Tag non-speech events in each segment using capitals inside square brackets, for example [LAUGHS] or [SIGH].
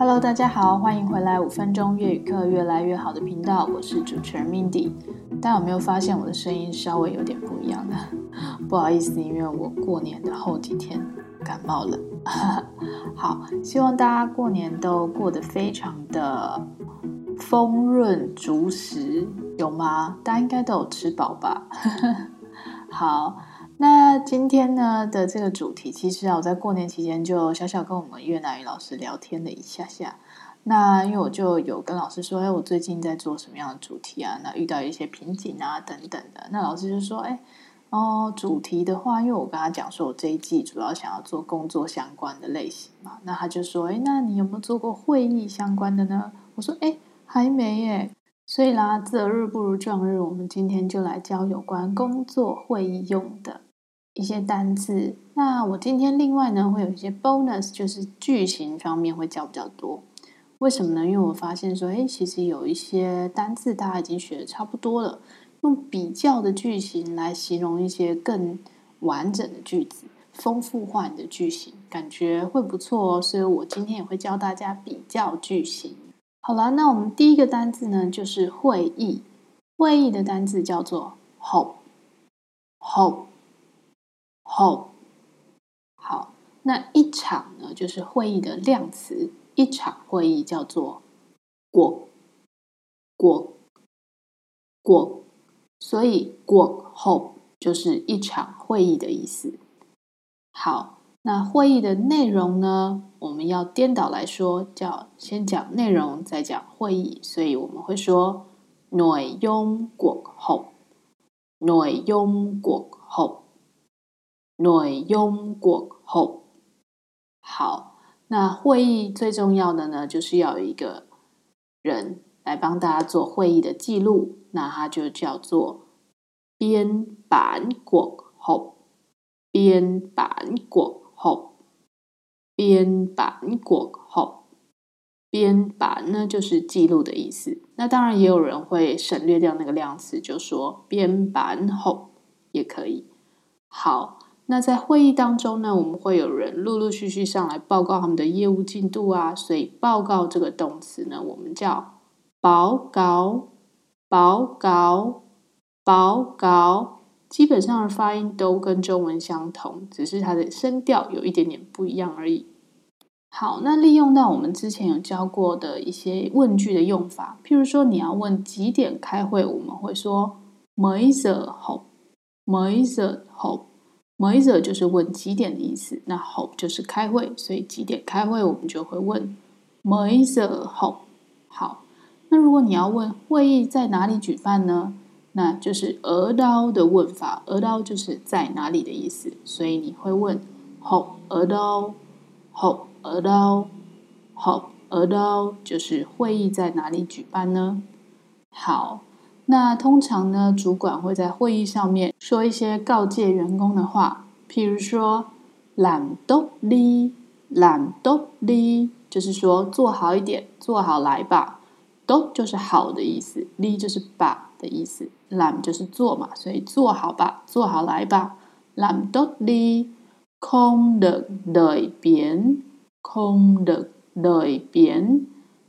Hello，大家好，歡迎回來五分鐘越語課越來越好的頻道，我是主持人 Mindy。大家有沒有發現我的聲音稍微有點不一樣呢？ [LAUGHS] 不好意思，因為我過年的後幾天感冒了。 [LAUGHS] 好，希望大家過年都過得非常的豐潤足食，有嗎？大家應該都有吃飽吧？ [LAUGHS] 好。那今天呢的這個主題，其實啊我在過年期間就小小跟我們越南語老師聊天了一下下。那因為我就有跟老師說，哎、欸，我最近在做什麼樣的主題啊？那遇到一些瓶頸啊等等的。那老師就說，哎、欸，哦，主題的話，因為我跟他講說我這一季主要想要做工作相關的類型嘛，那他就說，哎、欸，那你有沒有做過會議相關的呢？我說，哎、欸，還沒耶。所以啦，擇日不如撞日，我們今天就來教有關工作會議用的，一些單字，那我今天另外呢會有一些 bonus，就是句型方面會教比較多。為什麼呢？因為我發現說，誒，其實有一些單字大家已經學的差不多了，用比較的句型來形容一些更完整的句子，豐富化你的句型，感覺會不錯哦。所以我今天也會教大家比較句型。好啦，那我們第一個單字呢就是會議。會議的單字叫做 “họp, họp 哦，好，那一場呢，就是會議的量詞，一場會議叫做「過過過」，所以「過後」就是一場會議的意思。好，那會議的內容呢，我們要顛倒來說，叫先講內容，再講會議，所以我們會說「內容過後，內容過後」。nội dung cuộc họp，好。那會議最重要的呢，就是要有一個人來幫大家做會議的記錄，那它就叫做 biên bản cuộc họp，biên bản cuộc họp，biên bản cuộc họp，biên bản 呢就是記錄的意思。那當然也有人會省略掉那個量詞，就說 biên bản họp 也可以。好。那在會議當中呢，我們會有人陸陸續續上來報告他們的業務進度啊。所以“報告”這個動詞呢，我們叫報“報告”，“報告”，“報告”，基本上的發音都跟中文相同，只是它的聲調有一點點不一樣而已。好，那利用到我們之前有教過的一些問句的用法，譬如說你要問幾點開會，我們會說 “Mấy giờ họp, Mấy giờ họp”。m o is 就是問幾點的意思。那 Hope 就是開會，所以幾點開會，我們就會問 m o is h o p e 好。那如果你要問會議在哪裡舉辦呢？那就是 w 刀的問法。w 刀就是在哪裡的意思，所以你會問 h e r e do？Where d 刀 h e 就是會議在哪裡舉辦呢？好。那通常呢，主管會在會議上面說一些告誡員工的話，譬如說“懶哆哩懶哆哩”，就是說做好一點，做好來吧。哆就是好的意思，哩就是把的意思，懶就是做嘛，所以做好吧，做好來吧。懶哆哩空的的邊，空的的邊，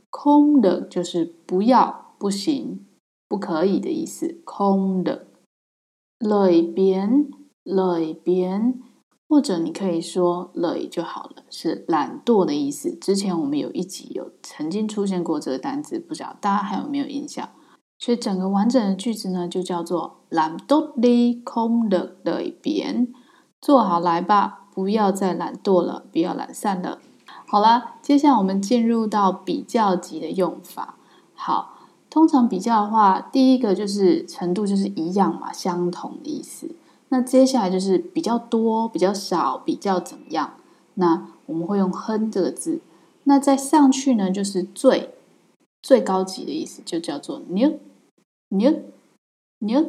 空的就是不要、不行，不可以的意思，空的 lười biếng，lười biếng，或者你可以說 lười 就好了，是懶惰的意思。之前我們有一集有曾經出現過這個單詞，不知道大家還有沒有印象？所以整個完整的句子呢，就叫做“懶惰的空的 lười biếng”。做好來吧，不要再懶惰了，不要懶散了。好了，接下來我們進入到比較級的用法。好。通常比較的話，第一個就是程度就是一樣嘛，相同的意思。那接下來就是比較多、比較少、比較怎麼樣？那我們會用 “hơn” 這個字。那再上去呢，就是最最高級的意思，就叫做 “nhất nhất nhất”。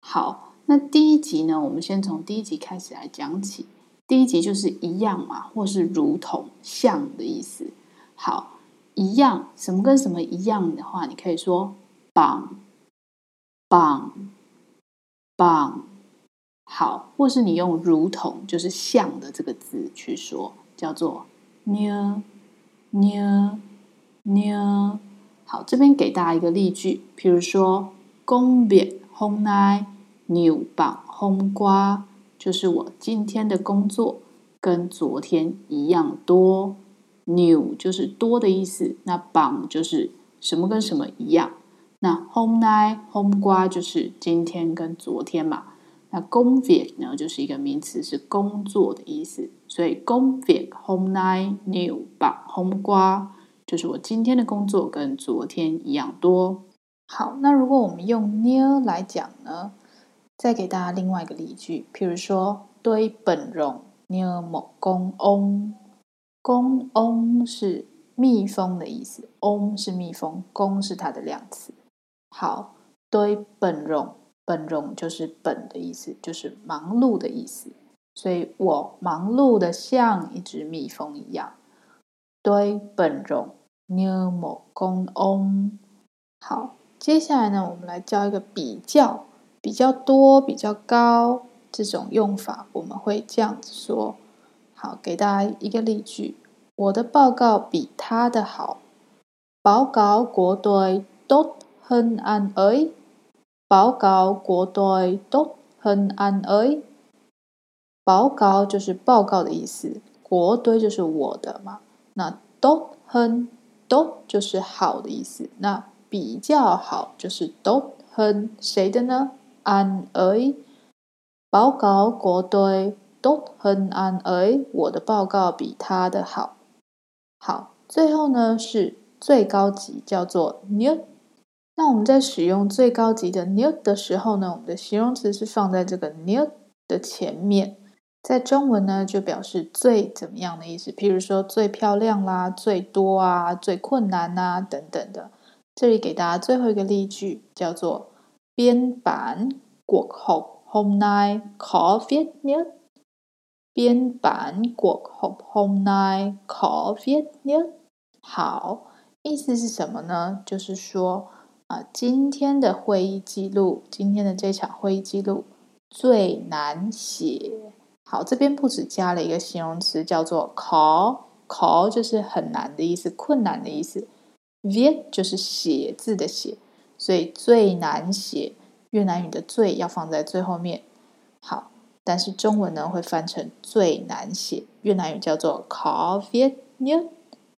好，那第一級呢，我們先從第一級開始來講起。第一級就是一樣嘛，或是如同、像的意思。好。一樣，什麼跟什麼一樣的話，你可以說棒棒棒，好，或是你用“如同”就是“像”的這個字去說，叫做 “new new new” 好。這邊給大家一個例句，譬如說“公別紅奶，牛棒紅瓜”，就是我今天的工作跟昨天一樣多。nhiều 就是多的意思，那 bằng 就是什麼跟什麼一樣。那 hôm nay hôm qua 就是今天跟昨天嘛。那 công việc 呢就是一個名詞，是工作的意思。所以 công việc hôm nay nhiều bằng hôm qua 就是我今天的工作跟昨天一樣多。好，那如果我們用 như 來講呢，再給大家另外一個例句，譬如說 tôi bận rộn như một con ong。公嗡是蜜蜂的意思，嗡是蜜蜂，公是它的量詞。好，堆本容，本容就是本的意思，就是忙碌的意思。所以我忙碌的像一隻蜜蜂一樣。堆本容，牛某公嗡。好，接下來呢，我們來教一個比較比較多、比較高這種用法，我們會這樣子說。好，給大家一個例句：我的報告比他的好。報告國對都很安爾。報告國對都很安爾。報告就是報告的意思，國對就是我的嘛。那都很都就是好的意思。那比較好就是都很誰的呢？安爾。報告國對。hơn anh ấy, 我的報告比他的好。好，最後呢是最高級，叫做 nhất。那我們在使用最高級的 nhất 的時候呢，我們的形容詞是放在這個 nhất 的前面。在中文呢，就表示最怎麼樣的意思，譬如說最漂亮啦、最多啊、最困難吶、啊、等等的。這裡給大家最後一個例句，叫做 biên bản cuộc họp hôm nay khó viết nhất。Biên bản cuộc họp hôm nay khó viết nhất，好，意思是什麼呢？就是說啊、呃，今天的會議記錄，今天的這場會議記錄最難寫。好，這邊不止加了一個形容詞，叫做 “khó”，khó 就是很難的意思，困難的意思。viết 就是寫字的寫，所以最難寫。越南語的“最”要放在最後面。好。但是中文呢，會翻成最難寫。越南語叫做 khó viết nhất，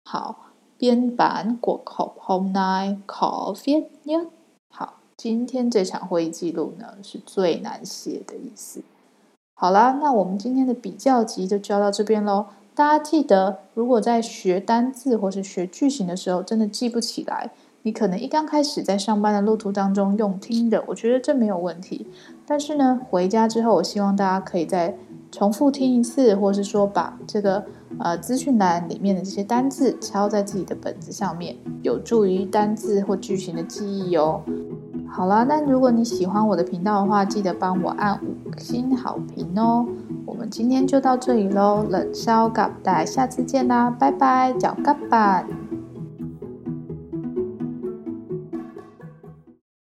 好 biên bản cuộc họp，hôm nay khó viết nhất，好。今天這場會議記錄呢，是最難寫的意思。好啦，那我們今天的比較級就教到這邊嘍。大家記得，如果在學單字或是學句型的時候，真的記不起來。你可能一剛開始在上班的路途當中用聽的，我覺得這沒有問題。但是呢，回家之後，我希望大家可以再重複聽一次，或是說把這個呃資訊欄裡面的這些單字抄在自己的本子上面，有助於單字或句型的記憶哦。好啦，那如果你喜歡我的頻道的話，記得幫我按五星好評哦。我們今天就到這裡嘍，冷燒咖，大家下次見啦，拜拜，腳咖板。